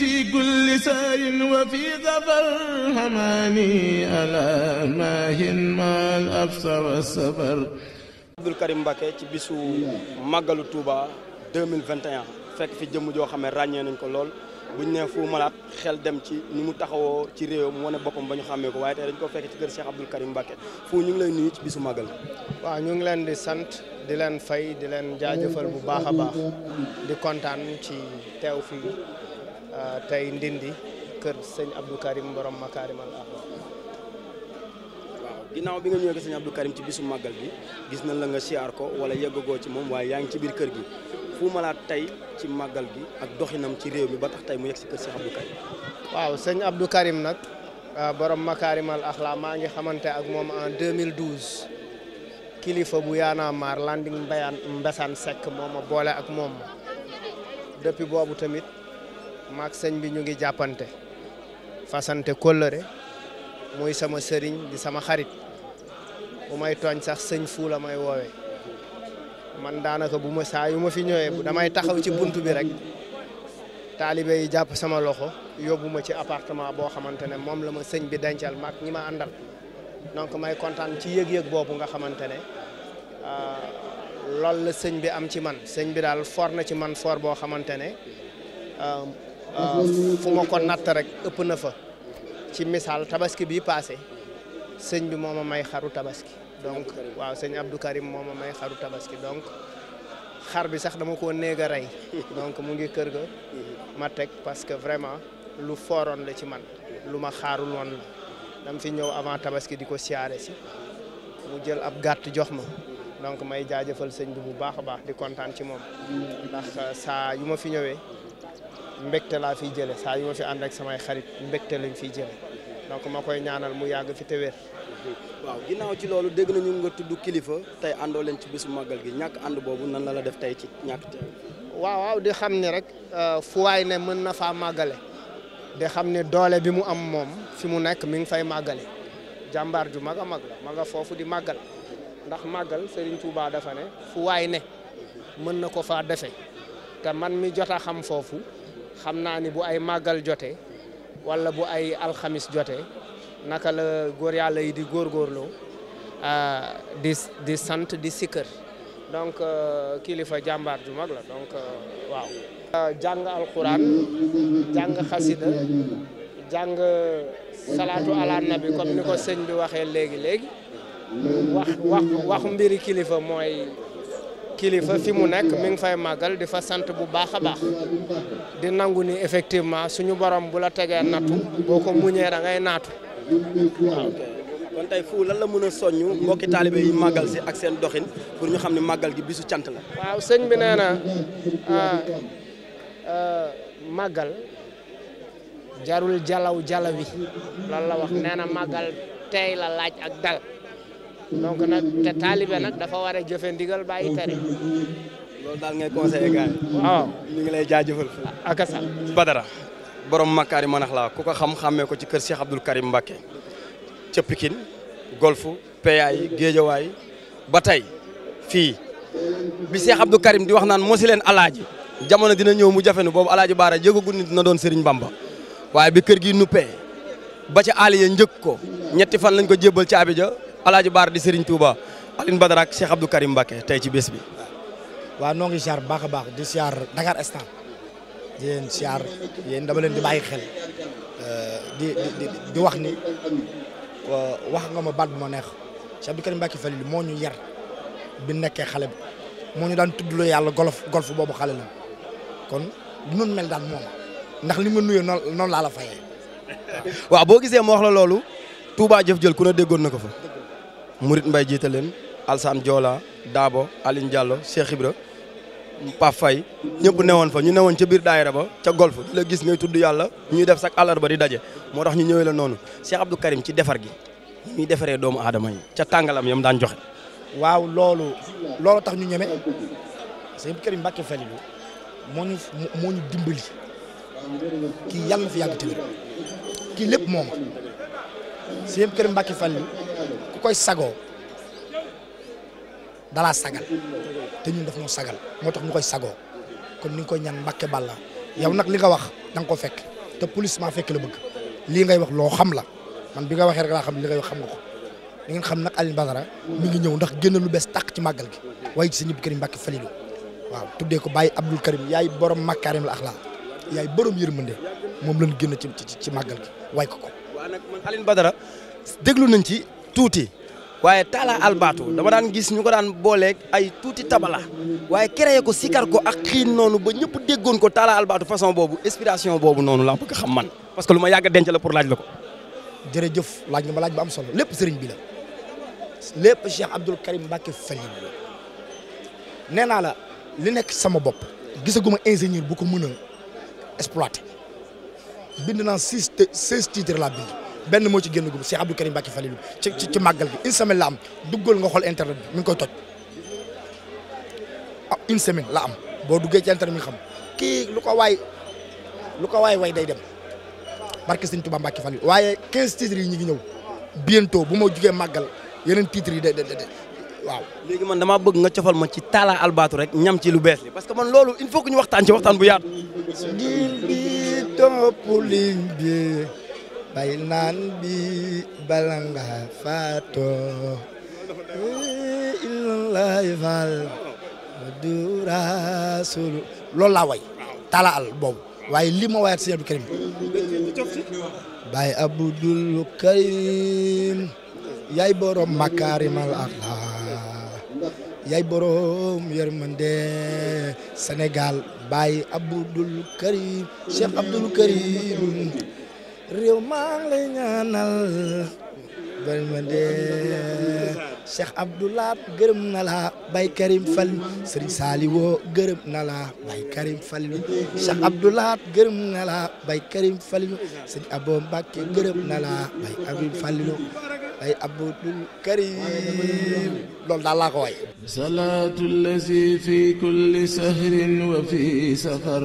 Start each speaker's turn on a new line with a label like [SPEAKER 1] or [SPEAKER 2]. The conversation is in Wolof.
[SPEAKER 1] في كل سير وفي ظفر حماني ألا ماهن ما الأبصر والسفر Abdou
[SPEAKER 2] Karim Mbacké ci bisu màggalu Touba fekk fi jëmm joo xam ne ràññee nañ ko lool buñ ne fu malaat xel dem ci ni mu taxawoo ci réewam wane boppam ba ñu xàmmee ko waaye tey dañ ko fekk ci kër Cheikh Abdou Karim Mbacké fu ñu ngi leen nii ci bisu màggal
[SPEAKER 3] waa ñu ngi leen di sant di leen fay di leen jaajëfal bu baax a baax di kontaan ci teew fii Euh, tey ndindi kër sëñ Abdou Karim borom Makaarimal Axlaaq ginnaaw bi nga ci bisu màggal bi gis nañ la nga
[SPEAKER 2] wala yeggagoo ci moom waaye yaa ngi ci biir kër gi malaat tey ci màggal gi ak doxinam
[SPEAKER 3] ci réew mi ba tey mu yegg si waaw sëñ Abdou nag euh, borom Makaarimal maa ngi xamante ak moom en kilifa bu yaana maar landing mbayaan mbesaan sekk mooma boole ak moom depuis boobu tamit maag sëñ bi ñu ngi jàppante fasante kóllëre muy sama sëriñ di sama xarit bu may tooñ sax sëñ fuu la may woowee man daanaka bu ma saa yu ma fi ñëwee bu damay taxaw ci bunt bi rek taalibe yi jàpp sama loxo yóbbu ma ci appartement boo xamante ne moom la ma sëñ bi dencal maag ñi ma àndal donc may kontaan ci yëg-yëg boobu nga xamante ne euh, loolu la sëñ bi am ci man sëñ bi daal for na ci man for boo xamante ne euh, fu ma ko natt rek ëpp na fa ci misaal tabaski bi paase sëñ bi moo ma may xaru tabaski donc waaw sëñ Abdou moo ma may xaru tabaski donc xar bi sax dama koo néega a rey donc mu ngi kër ga ma teg parce que vraiment lu fooroon la ci man lu ma xaarul woon la dama fi ñëw avant tabaski di ko siyaare si mu jël ab gàtt jox ma donc may jaajëfal sëñ bi bu baax a baax di kontaan ci moom
[SPEAKER 1] euh,
[SPEAKER 3] saa yu ma fi ñëwee mbégte laa fiy jële saa yu ma fi ànd ak samay xarit mbégte lañ fiy jële donc ma koy ñaanal mu yàgg fi te wér
[SPEAKER 2] waaw ginnaaw ci loolu dégg nañu nga tudd kilifa tey àndoo leen ci bisu màggal gi ñàkk ànd boobu nan la la def tey ci ñàkk te
[SPEAKER 3] waaw waaw di xam ni rek euh, fu waay ne mën na faa màggale di xam ni doole bi mu am moom fi mu nekk mi ngi fay màggale jàmbaar ju mag a mag foofu di màggal ndax màggal Serigne Touba dafa ne fu waay ne mën na ko a xam xam naa ni bu ay màggal jote walla bu ay alxamis jote naka la góor yàlla di góorgóorloo ah, di sant di sikkër donc euh, kilifa jàmbaar ju mag la donc euh, waaw ah, jàng alquran jàng xasida jàng salaatu ala nabi comme ni ko sëñ bi waxee léegi léegi wax wax mbiri kilifa mooy kilifa fi mu nekk mi fay màggal di fa sant bu baax a baax di nangu ni effectivement suñu borom bu la tegee nattu boo ko muñee da ngay naatu waaw.
[SPEAKER 2] kon tey fu lan la mën a soññ mbokki taalibe yi màggal si ak seen doxin pour ñu xam ne màggal gi bisu cant la.
[SPEAKER 3] waaw sëñ bi ah, ah, jarul jalaw jalawi lan la wax nee na tey la laaj ak dal. donc nag te taalibe nag dafa war a jëfe ndigal bàyyi tere. loolu daal ngay conseillé gars yi. ñu ngi lay jaajëfal. ak
[SPEAKER 2] asa. Badara borom Makari manax la ku ko xam xàmmee ko ci kër Cheikh Abdoul Karim Mbacké ca Pikine golf PA yi Géejawaay ba tey fii bi Cheikh Abdoul Karim di wax naan mosi leen alaaji jamono dina ñëw mu jafe nu boobu alaaji Baara yëgagul ni dina doon sëriñ Bamba waaye bi kër gi nuppee ba ca Aliya njëkk ko ñetti fan lañ ko jébbal ci Abidjan. Alaaji Baar di Serigne Touba Alioune Badara ak Cheikh Abdou Karim Mbacké tey ci bés bi.
[SPEAKER 4] waaw noo ngi siyaar bu baax a baax di siyaar Dakar instant di leen siyaar yéen dama leen di bàyyi xel euh, di wax ni euh, wax nga ma baat bu ma neex Cheikh Abdou Karim Mbacké Falil moo ñu yar bi nekkee xale bi moo ñu daan tuddloo yàlla golof golf boobu xale la kon bu noonu mel daan
[SPEAKER 2] moom ndax li ma nuyoo noonu noonu laa la fayee waaw boo gisee ma wax loolu Touba jëf jël ku ne déggoon na ko fa. Murit Mbay jiite leen Alsaan Joola Daabo Aline jàllo Cheikh Ibra Paf Fay ñëpp newoon fa ñu newoon ca biir daayira ba ca golf di la gis ngay tudd yàlla ñuy def sak sax ba di daje moo tax ñu ñëwee la noonu see Abdou Karim ci defar gi ñuy defaree doomu aadama yi ca tàngalam yam daan joxe.
[SPEAKER 4] waaw loolu tax ñu ñeme Cheikh Abdou Karim Mbacke Falilou moo ñu moo ñu dimbali kii yàlla na fi yàgg tamit kii lépp moom Cheikh Abdou Karim Mbacke Falilou ku koy sagoo dalaa sagal te ñun daf noo sagal moo tax ñu koy sagoo kon ni nga koy ñaan Mbàkke Balla yow nag li nga wax danga ko fekk te police maa fekk la bëgg lii ngay wax loo xam la man bi nga waxee rek laa xam li ngay wax xam nga ko da nga xam nag Alioune Badara mi ngi ñëw ndax génn lu bees tàq ci màggal gi waaye ci sëñ Abdou Karim Mbàkke Falilu waaw tuddee ko Baye Abdoul Karim yaay borom makaarim la ak axlaa
[SPEAKER 2] yaay borom yërmande moom lañ génn ci ci ci màggal gi waay ko tuuti waaye taala albaatu dama daan gis ñu ko daan booleeg ay tuuti tabala waaye créé ko sikar ko ak xiin noonu ba ñëpp déggoon ko taala albaatu façon boobu inspiration boobu noonu laa bëgg xam man parce que lu ma yàgg denc la pour laaj la ko jërëjëf laaj
[SPEAKER 4] nga ma laaj ba am solo lépp sëriñ bi la lépp Cheikh Abdoul Karim Mbacke Falil la nee naa la li nekk sama bopp gisaguma ingénieur bu ko mën a exploiter bind naa six seize titres laa bind benn moo ci génn gum Cheikh ba Karim Mbacké Falilou ci ci màggal bi une semaine la am nga xool internet bi mi koy toj ah, une semaine la am boo duggee ci internet mi nga xam kii lu ko waay lu ko waay way day dem barke Sëñ Touba Mbacké Falilou waaye 15 titres yi ñu ngi ñëw
[SPEAKER 2] bientôt bu ma jugee màggal yeneen titres yi de de de waaw léegi man damaa bëgg nga cofal ma ci Talla Albatu rek ñam ci lu bees li parce que man loolu il faut que ñu waxtaan ci waxtaan bu yaatu.
[SPEAKER 4] bay naan bi bala nga faatoo eh, illallaahi faal du rasul loolu laa way talaal boobu waaye lii ma wayaat sëñ Abdou Karim bay abdul karim yaay borom makaarimal
[SPEAKER 2] axlaa
[SPEAKER 4] yaay borom yërmande Sénégal bay abdul karim Cheikh Abdul Karim réew maa ñaanal bal ma dee Cheikh Abdoulaat gërëm na la bay Karim Fall Serigne Saliwo gërëm na bay Karim Fall Cheikh Abdoulaat gërëm na bay Karim Fall Serigne bay Abib Fall Karim loolu daal laa ko waay.
[SPEAKER 1] fi kulli sahrin wa fi safar.